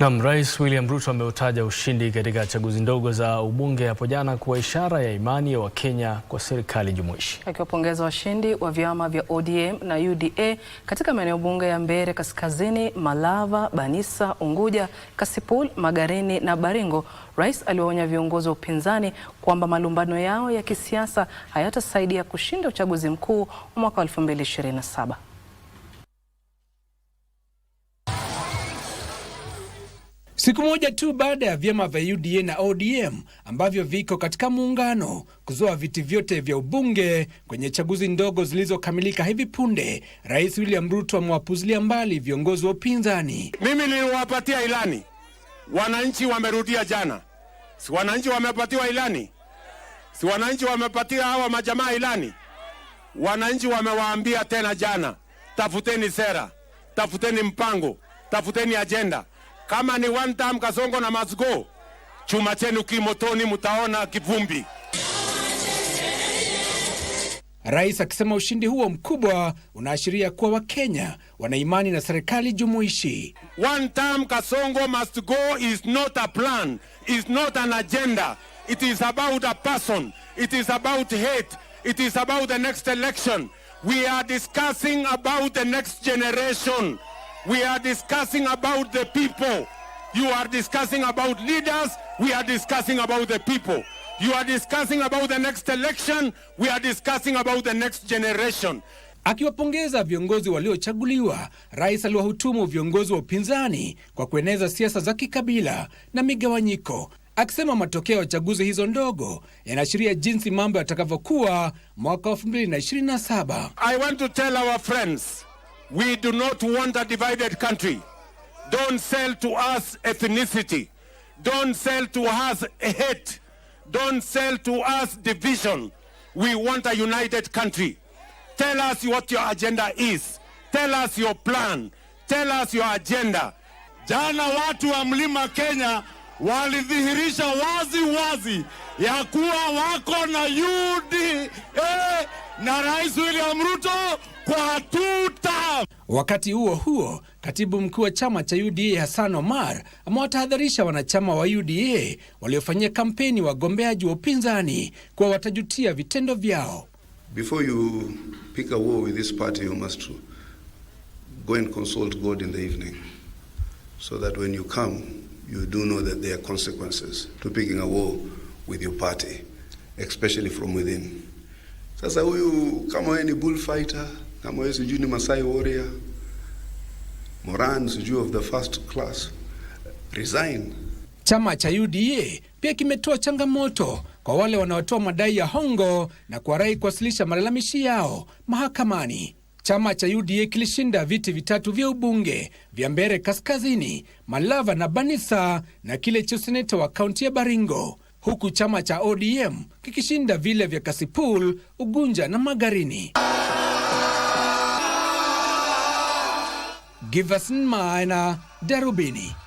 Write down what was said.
Nam, Rais William Ruto ameutaja ushindi katika chaguzi ndogo za ubunge hapo jana kuwa ishara ya imani ya Wakenya kwa serikali jumuishi, akiwapongeza washindi wa vyama vya ODM na UDA katika maeneo bunge ya Mbeere Kaskazini, Malava, Banisa, Unguja, Kasipul, Magarini na Baringo. Rais aliwaonya viongozi wa upinzani kwamba malumbano yao ya kisiasa hayatasaidia kushinda uchaguzi mkuu wa mwaka 2027. Siku moja tu baada ya vyama vya UDA na ODM ambavyo viko katika muungano kuzoa viti vyote vya ubunge kwenye chaguzi ndogo zilizokamilika hivi punde, Rais William Ruto amewapuzilia mbali viongozi wa upinzani. Mimi niliwapatia ilani, wananchi wamerudia jana. Si wananchi wamepatiwa ilani? Si wananchi wamepatia hawa majamaa ilani? Wananchi wamewaambia tena jana, tafuteni sera, tafuteni mpango, tafuteni ajenda kama ni one time Kasongo na must go, chuma chenu kimotoni, mutaona kivumbi. Rais akisema ushindi huo mkubwa unaashiria kuwa Wakenya wana imani na serikali jumuishi. One time Kasongo must go is not a plan, is not an agenda. It is about a person. It is about hate. It is about the next election. We are discussing about the next generation. We are discussing about the people. You are discussing about leaders. We are discussing about the people. You are discussing about the next election. We are discussing about the next generation. Akiwapongeza viongozi waliochaguliwa, rais aliwahutumu viongozi wa upinzani kwa kueneza siasa za kikabila na migawanyiko, akisema matokeo ya chaguzi hizo ndogo yanaashiria jinsi mambo yatakavyokuwa mwaka 2027. I want to tell our friends We do not want a divided country. Don't sell to us ethnicity. Don't sell to us hate. Don't sell to us division. We want a united country. Tell us what your agenda is. Tell us your plan. Tell us your agenda. Jana watu wa Mlima Kenya walidhihirisha wazi wazi ya kuwa wako na UDA na Rais William Ruto kwa tuta. Wakati huo huo, katibu mkuu wa chama cha UDA Hassan Omar amewatahadharisha wanachama wa UDA waliofanyia kampeni wagombeaji wa upinzani kuwa watajutia vitendo vyao. Before you pick a war with this party you must go and consult God in the evening so that when you come you do know that there are consequences to picking a war with your party especially from within. Sasa huyu kama wewe ni bullfighter, kama wewe sijui ni Masai warrior, Moran sijui of the first class, resign. Chama cha UDA pia kimetoa changamoto kwa wale wanaotoa madai ya hongo na kuwarai kuwasilisha malalamishi yao mahakamani. Chama cha UDA kilishinda viti vitatu vya ubunge vya Mbeere Kaskazini, Malava na Banisa na kile cha useneta wa kaunti ya Baringo, huku chama cha ODM kikishinda vile vya Kasipul, Ugunja na Magarini. Giverson Maina, Darubini.